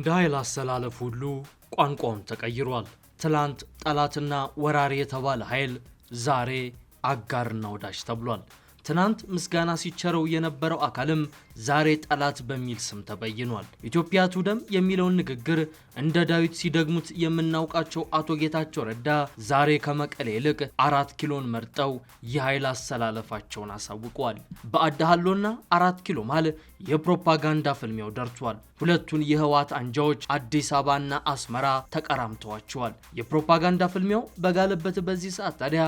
እንደ ኃይል አሰላለፍ ሁሉ ቋንቋውን ተቀይሯል። ትላንት ጠላትና ወራሪ የተባለ ኃይል ዛሬ አጋርና ወዳጅ ተብሏል። ትናንት ምስጋና ሲቸረው የነበረው አካልም ዛሬ ጠላት በሚል ስም ተበይኗል። ኢትዮጵያ ቱደም የሚለውን ንግግር እንደ ዳዊት ሲደግሙት የምናውቃቸው አቶ ጌታቸው ረዳ ዛሬ ከመቀሌ ይልቅ አራት ኪሎን መርጠው የኃይል አሰላለፋቸውን አሳውቀዋል። በአዳሃሎና አራት ኪሎ መሃል የፕሮፓጋንዳ ፍልሚያው ደርቷል። ሁለቱን የህወሓት አንጃዎች አዲስ አበባና አስመራ ተቀራምተዋቸዋል። የፕሮፓጋንዳ ፍልሚያው በጋለበት በዚህ ሰዓት ታዲያ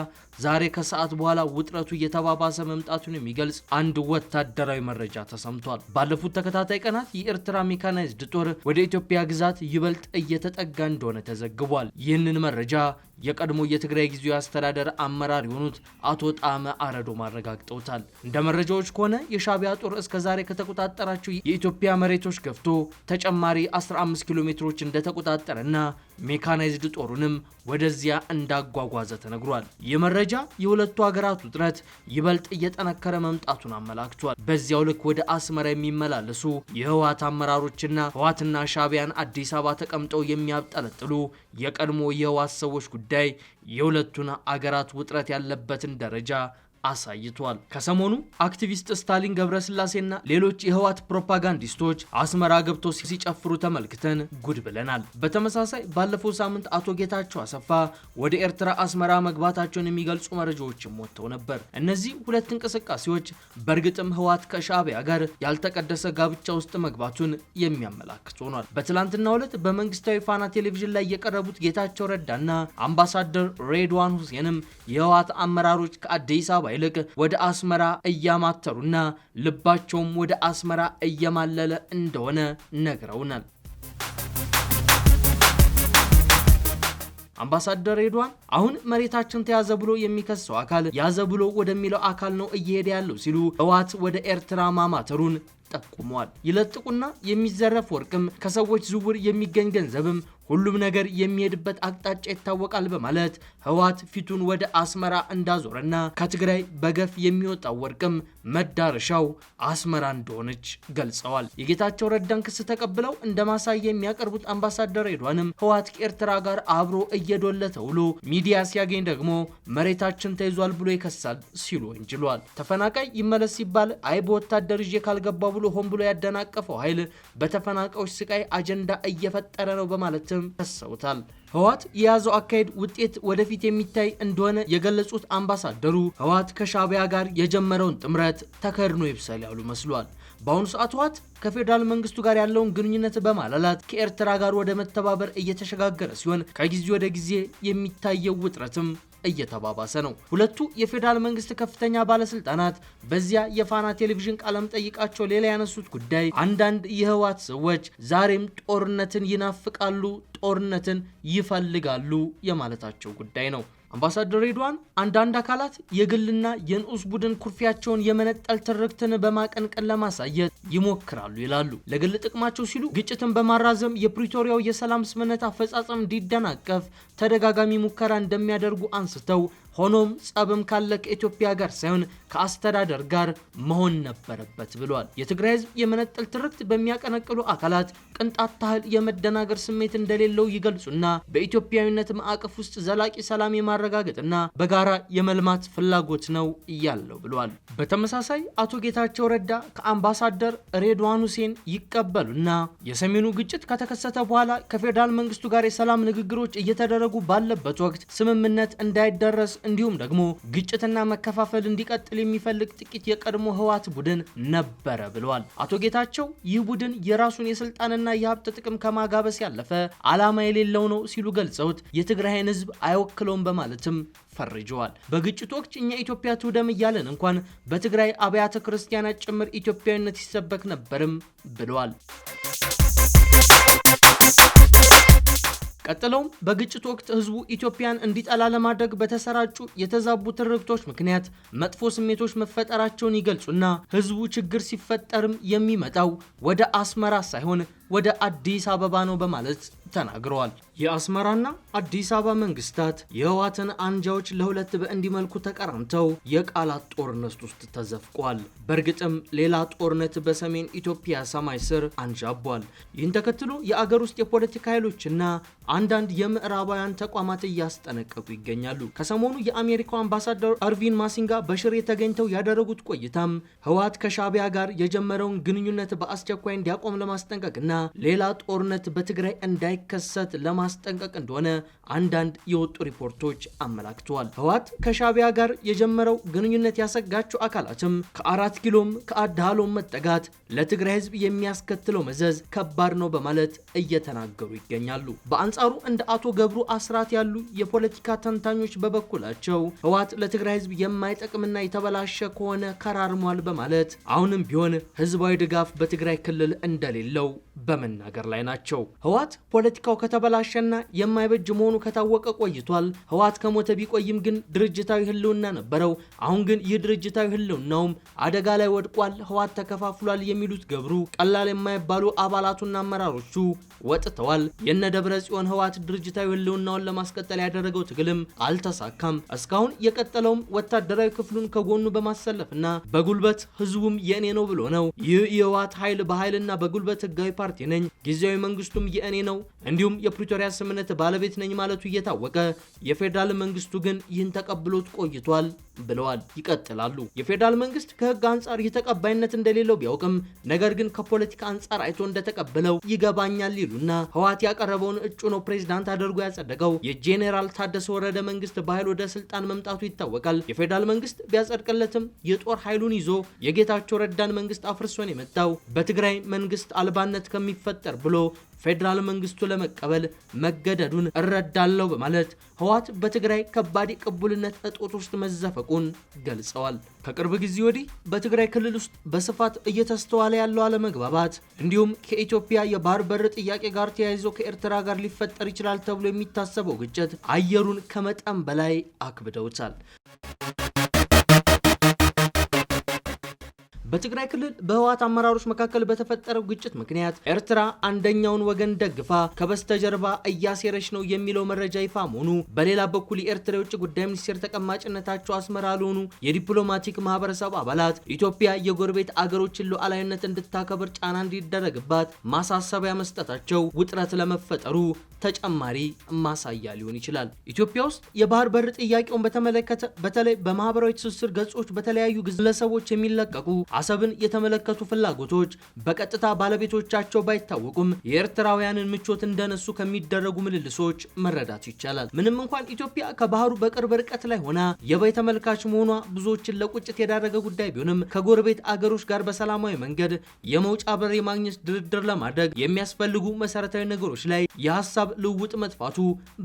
ዛሬ ከሰዓት በኋላ ውጥረቱ እየተባባሰ መምጣቱን የሚገልጽ አንድ ወታደራዊ መረጃ ተሰምቷል። ተሰምቷል። ባለፉት ተከታታይ ቀናት የኤርትራ ሜካናይዝድ ጦር ወደ ኢትዮጵያ ግዛት ይበልጥ እየተጠጋ እንደሆነ ተዘግቧል። ይህንን መረጃ የቀድሞ የትግራይ ጊዜያዊ አስተዳደር አመራር የሆኑት አቶ ጣመ አረዶ ማረጋግጠውታል። እንደ መረጃዎች ከሆነ የሻቢያ ጦር እስከዛሬ ከተቆጣጠራቸው የኢትዮጵያ መሬቶች ገፍቶ ተጨማሪ 15 ኪሎ ሜትሮች እንደተቆጣጠረና ሜካናይዝድ ጦሩንም ወደዚያ እንዳጓጓዘ ተነግሯል። የመረጃ የሁለቱ ሀገራት ውጥረት ይበልጥ እየጠነከረ መምጣቱን አመላክቷል። በዚያው ልክ ወደ አስመራ የሚመላለሱ የህወሀት አመራሮችና ህዋትና ሻቢያን አዲስ አበባ ተቀምጠው የሚያብጠለጥሉ የቀድሞ የህዋት ሰዎች ጉዳይ የሁለቱን አገራት ውጥረት ያለበትን ደረጃ አሳይቷል። ከሰሞኑ አክቲቪስት ስታሊን ገብረስላሴና ሌሎች የህዋት ፕሮፓጋንዲስቶች አስመራ ገብቶ ሲጨፍሩ ተመልክተን ጉድ ብለናል። በተመሳሳይ ባለፈው ሳምንት አቶ ጌታቸው አሰፋ ወደ ኤርትራ አስመራ መግባታቸውን የሚገልጹ መረጃዎችም ወጥተው ነበር። እነዚህ ሁለት እንቅስቃሴዎች በእርግጥም ህዋት ከሻዕቢያ ጋር ያልተቀደሰ ጋብቻ ውስጥ መግባቱን የሚያመላክት ሆኗል። በትላንትናው ዕለት በመንግስታዊ ፋና ቴሌቪዥን ላይ የቀረቡት ጌታቸው ረዳና አምባሳደር ሬድዋን ሁሴንም የህዋት አመራሮች ከአዲስ አበባ ይልቅ ወደ አስመራ እያማተሩና ልባቸውም ወደ አስመራ እየማለለ እንደሆነ ነግረውናል። አምባሳደር ሬድዋን አሁን መሬታችን ተያዘ ብሎ የሚከሰው አካል ያዘ ብሎ ወደሚለው አካል ነው እየሄደ ያለው ሲሉ ህወሓት ወደ ኤርትራ ማማተሩን ጠቁመዋል። ይለጥቁና የሚዘረፍ ወርቅም ከሰዎች ዝውውር የሚገኝ ገንዘብም ሁሉም ነገር የሚሄድበት አቅጣጫ ይታወቃል በማለት ህወሓት ፊቱን ወደ አስመራ እንዳዞረና ከትግራይ በገፍ የሚወጣው ወርቅም መዳረሻው አስመራ እንደሆነች ገልጸዋል። የጌታቸው ረዳን ክስ ተቀብለው እንደ ማሳያ የሚያቀርቡት አምባሳደር ሬድዋንም ህወሓት ከኤርትራ ጋር አብሮ እየዶለ ተውሎ ሚዲያ ሲያገኝ ደግሞ መሬታችን ተይዟል ብሎ ይከሳል ሲሉ ወንጅሏል። ተፈናቃይ ይመለስ ሲባል አይ በወታደር ይዤ ካልገባ ብሎ ሆን ብሎ ያደናቀፈው ኃይል በተፈናቃዮች ስቃይ አጀንዳ እየፈጠረ ነው በማለትም ሲሉም ከሰውታል። ህወሓት የያዘው አካሄድ ውጤት ወደፊት የሚታይ እንደሆነ የገለጹት አምባሳደሩ ህወሓት ከሻቢያ ጋር የጀመረውን ጥምረት ተከድኖ ይብሰል ያሉ መስሏል። በአሁኑ ሰዓት ህወሓት ከፌዴራል መንግስቱ ጋር ያለውን ግንኙነት በማላላት ከኤርትራ ጋር ወደ መተባበር እየተሸጋገረ ሲሆን ከጊዜ ወደ ጊዜ የሚታየው ውጥረትም እየተባባሰ ነው። ሁለቱ የፌዴራል መንግስት ከፍተኛ ባለስልጣናት በዚያ የፋና ቴሌቪዥን ቃለም ጠይቃቸው ሌላ ያነሱት ጉዳይ አንዳንድ የህወሓት ሰዎች ዛሬም ጦርነትን ይናፍቃሉ፣ ጦርነትን ይፈልጋሉ የማለታቸው ጉዳይ ነው። አምባሳደር ሬድዋን አንዳንድ አካላት የግልና የንዑስ ቡድን ኩርፊያቸውን የመነጠል ትርክትን በማቀንቀን ለማሳየት ይሞክራሉ ይላሉ። ለግል ጥቅማቸው ሲሉ ግጭትን በማራዘም የፕሪቶሪያው የሰላም ስምምነት አፈጻጸም እንዲደናቀፍ ተደጋጋሚ ሙከራ እንደሚያደርጉ አንስተው ሆኖም ጸብም ካለ ከኢትዮጵያ ጋር ሳይሆን ከአስተዳደር ጋር መሆን ነበረበት ብሏል። የትግራይ ህዝብ የመነጠል ትርክት በሚያቀነቅሉ አካላት ቅንጣት ታህል የመደናገር ስሜት እንደሌለው ይገልጹና በኢትዮጵያዊነት ማዕቀፍ ውስጥ ዘላቂ ሰላም የማረጋገጥና በጋራ የመልማት ፍላጎት ነው እያለው ብሏል። በተመሳሳይ አቶ ጌታቸው ረዳ ከአምባሳደር ሬድዋን ሁሴን ይቀበሉና የሰሜኑ ግጭት ከተከሰተ በኋላ ከፌዴራል መንግስቱ ጋር የሰላም ንግግሮች እየተደረጉ ባለበት ወቅት ስምምነት እንዳይደረስ እንዲሁም ደግሞ ግጭትና መከፋፈል እንዲቀጥል የሚፈልግ ጥቂት የቀድሞ ህወሓት ቡድን ነበረ ብለዋል አቶ ጌታቸው። ይህ ቡድን የራሱን የስልጣንና የሀብት ጥቅም ከማጋበስ ያለፈ ዓላማ የሌለው ነው ሲሉ ገልጸውት የትግራይን ህዝብ አይወክለውም በማለትም ፈርጀዋል። በግጭቱ ወቅት እኛ ኢትዮጵያ ትውደም እያለን እንኳን በትግራይ አብያተ ክርስቲያናት ጭምር ኢትዮጵያዊነት ይሰበክ ነበርም ብለዋል። ቀጥለውም በግጭት ወቅት ህዝቡ ኢትዮጵያን እንዲጠላ ለማድረግ በተሰራጩ የተዛቡ ትርክቶች ምክንያት መጥፎ ስሜቶች መፈጠራቸውን ይገልጹና ህዝቡ ችግር ሲፈጠርም የሚመጣው ወደ አስመራ ሳይሆን ወደ አዲስ አበባ ነው በማለት ተናግረዋል። የአስመራና አዲስ አበባ መንግስታት የህወሓትን አንጃዎች ለሁለት በእንዲህ መልኩ ተቀራምተው የቃላት ጦርነት ውስጥ ተዘፍቋል። በእርግጥም ሌላ ጦርነት በሰሜን ኢትዮጵያ ሰማይ ስር አንዣቧል። ይህን ተከትሎ የአገር ውስጥ የፖለቲካ ኃይሎችና አንዳንድ የምዕራባውያን ተቋማት እያስጠነቀቁ ይገኛሉ። ከሰሞኑ የአሜሪካው አምባሳደር አርቪን ማሲንጋ በሽሬ ተገኝተው ያደረጉት ቆይታም ህወሓት ከሻቢያ ጋር የጀመረውን ግንኙነት በአስቸኳይ እንዲያቆም ለማስጠንቀቅና ሌላ ጦርነት በትግራይ እንዳይ እንዳይከሰት ለማስጠንቀቅ እንደሆነ አንዳንድ የወጡ ሪፖርቶች አመላክተዋል። ህወሓት ከሻቢያ ጋር የጀመረው ግንኙነት ያሰጋቸው አካላትም ከአራት ኪሎም ከአዳሎም መጠጋት ለትግራይ ህዝብ የሚያስከትለው መዘዝ ከባድ ነው በማለት እየተናገሩ ይገኛሉ። በአንጻሩ እንደ አቶ ገብሩ አስራት ያሉ የፖለቲካ ተንታኞች በበኩላቸው ህወሓት ለትግራይ ህዝብ የማይጠቅምና የተበላሸ ከሆነ ከራርሟል በማለት አሁንም ቢሆን ህዝባዊ ድጋፍ በትግራይ ክልል እንደሌለው በመናገር ላይ ናቸው። ህወሓት ፖለቲካው ከተበላሸና የማይበጅ መሆኑ ከታወቀ ቆይቷል። ህወሓት ከሞተ ቢቆይም ግን ድርጅታዊ ህልውና ነበረው። አሁን ግን ይህ ድርጅታዊ ህልውናውም አደጋ ላይ ወድቋል። ህወሓት ተከፋፍሏል የሚሉት ገብሩ ቀላል የማይባሉ አባላቱና አመራሮቹ ወጥተዋል። የነ ደብረ ጽዮን ህወሓት ድርጅታዊ ህልውናውን ለማስቀጠል ያደረገው ትግልም አልተሳካም። እስካሁን የቀጠለውም ወታደራዊ ክፍሉን ከጎኑ በማሰለፍና በጉልበት ህዝቡም የእኔ ነው ብሎ ነው። ይህ የህወሓት ኃይል በኃይልና በጉልበት ህጋዊ ፓርቲ ነኝ፣ ጊዜያዊ መንግስቱም የእኔ ነው፣ እንዲሁም የፕሪቶሪያ ስምምነት ባለቤት ነኝ ማለቱ እየታወቀ የፌዴራል መንግስቱ ግን ይህን ተቀብሎት ቆይቷል። ብለዋል። ይቀጥላሉ። የፌዴራል መንግስት ከህግ አንጻር ይህ ተቀባይነት እንደሌለው ቢያውቅም ነገር ግን ከፖለቲካ አንጻር አይቶ እንደተቀበለው ይገባኛል ይሉና ህወሓት ያቀረበውን እጩ ነው ፕሬዝዳንት አድርጎ ያጸደቀው የጄኔራል ታደሰ ወረደ መንግስት በኃይል ወደ ስልጣን መምጣቱ ይታወቃል። የፌዴራል መንግስት ቢያጸድቅለትም የጦር ኃይሉን ይዞ የጌታቸው ረዳን መንግስት አፍርሶን የመጣው በትግራይ መንግስት አልባነት ከሚፈጠር ብሎ ፌዴራል መንግስቱ ለመቀበል መገደዱን እረዳለሁ በማለት ህወሓት በትግራይ ከባድ የቅቡልነት እጦት ውስጥ መዘፈቁን ገልጸዋል። ከቅርብ ጊዜ ወዲህ በትግራይ ክልል ውስጥ በስፋት እየተስተዋለ ያለው አለመግባባት እንዲሁም ከኢትዮጵያ የባህር በር ጥያቄ ጋር ተያይዞ ከኤርትራ ጋር ሊፈጠር ይችላል ተብሎ የሚታሰበው ግጭት አየሩን ከመጠን በላይ አክብደውታል። በትግራይ ክልል በህወሓት አመራሮች መካከል በተፈጠረው ግጭት ምክንያት ኤርትራ አንደኛውን ወገን ደግፋ ከበስተጀርባ እያሴረች ነው የሚለው መረጃ ይፋ መሆኑ፣ በሌላ በኩል የኤርትራ የውጭ ጉዳይ ሚኒስቴር ተቀማጭነታቸው አስመራ ለሆኑ የዲፕሎማቲክ ማህበረሰብ አባላት ኢትዮጵያ የጎረቤት አገሮችን ሉዓላዊነት እንድታከብር ጫና እንዲደረግባት ማሳሰቢያ መስጠታቸው ውጥረት ለመፈጠሩ ተጨማሪ ማሳያ ሊሆን ይችላል። ኢትዮጵያ ውስጥ የባህር በር ጥያቄውን በተመለከተ በተለይ በማህበራዊ ትስስር ገጾች በተለያዩ ግለሰቦች የሚለቀቁ አሰብን የተመለከቱ ፍላጎቶች በቀጥታ ባለቤቶቻቸው ባይታወቁም የኤርትራውያንን ምቾት እንደነሱ ከሚደረጉ ምልልሶች መረዳት ይቻላል። ምንም እንኳን ኢትዮጵያ ከባህሩ በቅርብ ርቀት ላይ ሆና የባይ ተመልካች መሆኗ ብዙዎችን ለቁጭት የዳረገ ጉዳይ ቢሆንም ከጎረቤት አገሮች ጋር በሰላማዊ መንገድ የመውጫ በር የማግኘት ድርድር ለማድረግ የሚያስፈልጉ መሰረታዊ ነገሮች ላይ የሀሳብ ልውውጥ መጥፋቱ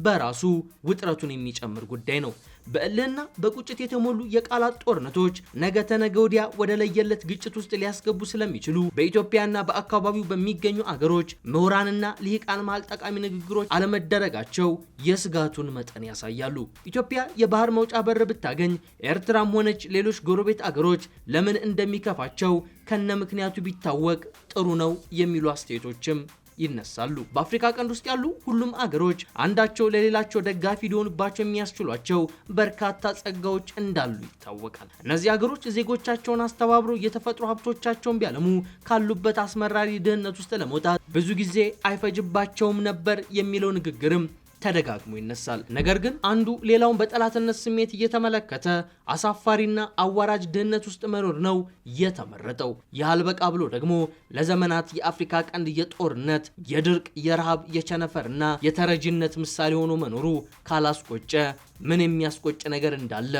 በራሱ ውጥረቱን የሚጨምር ጉዳይ ነው። በእልህና በቁጭት የተሞሉ የቃላት ጦርነቶች ነገ ተነገ ወዲያ ወደ ለየለት ግጭት ውስጥ ሊያስገቡ ስለሚችሉ በኢትዮጵያና በአካባቢው በሚገኙ አገሮች ምሁራንና ልሂቃን መሃል ጠቃሚ ንግግሮች አለመደረጋቸው የስጋቱን መጠን ያሳያሉ። ኢትዮጵያ የባህር መውጫ በር ብታገኝ ኤርትራም ሆነች ሌሎች ጎረቤት አገሮች ለምን እንደሚከፋቸው ከነ ምክንያቱ ቢታወቅ ጥሩ ነው የሚሉ አስተያየቶችም ይነሳሉ። በአፍሪካ ቀንድ ውስጥ ያሉ ሁሉም አገሮች አንዳቸው ለሌላቸው ደጋፊ ሊሆኑባቸው የሚያስችሏቸው በርካታ ጸጋዎች እንዳሉ ይታወቃል። እነዚህ አገሮች ዜጎቻቸውን አስተባብሮ የተፈጥሮ ሀብቶቻቸውን ቢያለሙ ካሉበት አስመራሪ ድህነት ውስጥ ለመውጣት ብዙ ጊዜ አይፈጅባቸውም ነበር የሚለው ንግግርም ተደጋግሞ ይነሳል። ነገር ግን አንዱ ሌላውን በጠላትነት ስሜት እየተመለከተ አሳፋሪና አዋራጅ ድህነት ውስጥ መኖር ነው የተመረጠው። ይህ ብሎ ደግሞ ለዘመናት የአፍሪካ ቀንድ የጦርነት፣ የድርቅ፣ የረሃብ፣ የቸነፈርና የተረጂነት ምሳሌ ሆኖ መኖሩ ካላስቆጨ ምን የሚያስቆጭ ነገር እንዳለ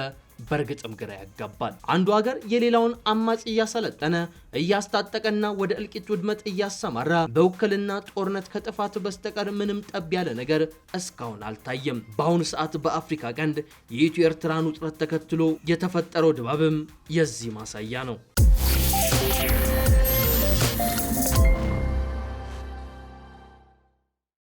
በእርግጥም ግራ ያጋባል። አንዱ ሀገር የሌላውን አማጽ እያሰለጠነ እያስታጠቀና ወደ እልቂት ውድመት እያሰማራ በውክልና ጦርነት ከጥፋት በስተቀር ምንም ጠብ ያለ ነገር እስካሁን አልታየም። በአሁኑ ሰዓት በአፍሪካ ቀንድ የኢትዮ ኤርትራን ውጥረት ተከትሎ የተፈጠረው ድባብም የዚህ ማሳያ ነው።